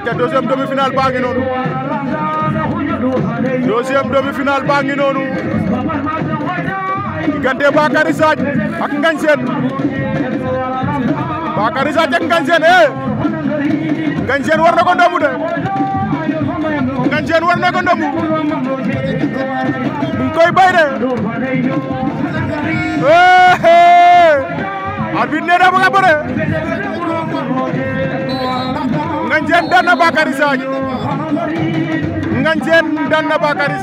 aca deuxième demi-finale baa ngi noonu deuxième demi-finale baa ngi noonu diggante Bakary Sadj ak Ngagne Sène Bakary Sadj ak Ngagne Sène eh Ngagne Sène war na ko ndombu de Ngagne Sène war na ko ndombu mu koy bay de eh, eh! arbitre nee na ba nga bëre Ngagne Sène daan na Bakary